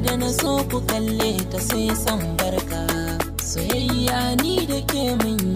da na so ku kalle ta sai san barka soyayya ni da ke min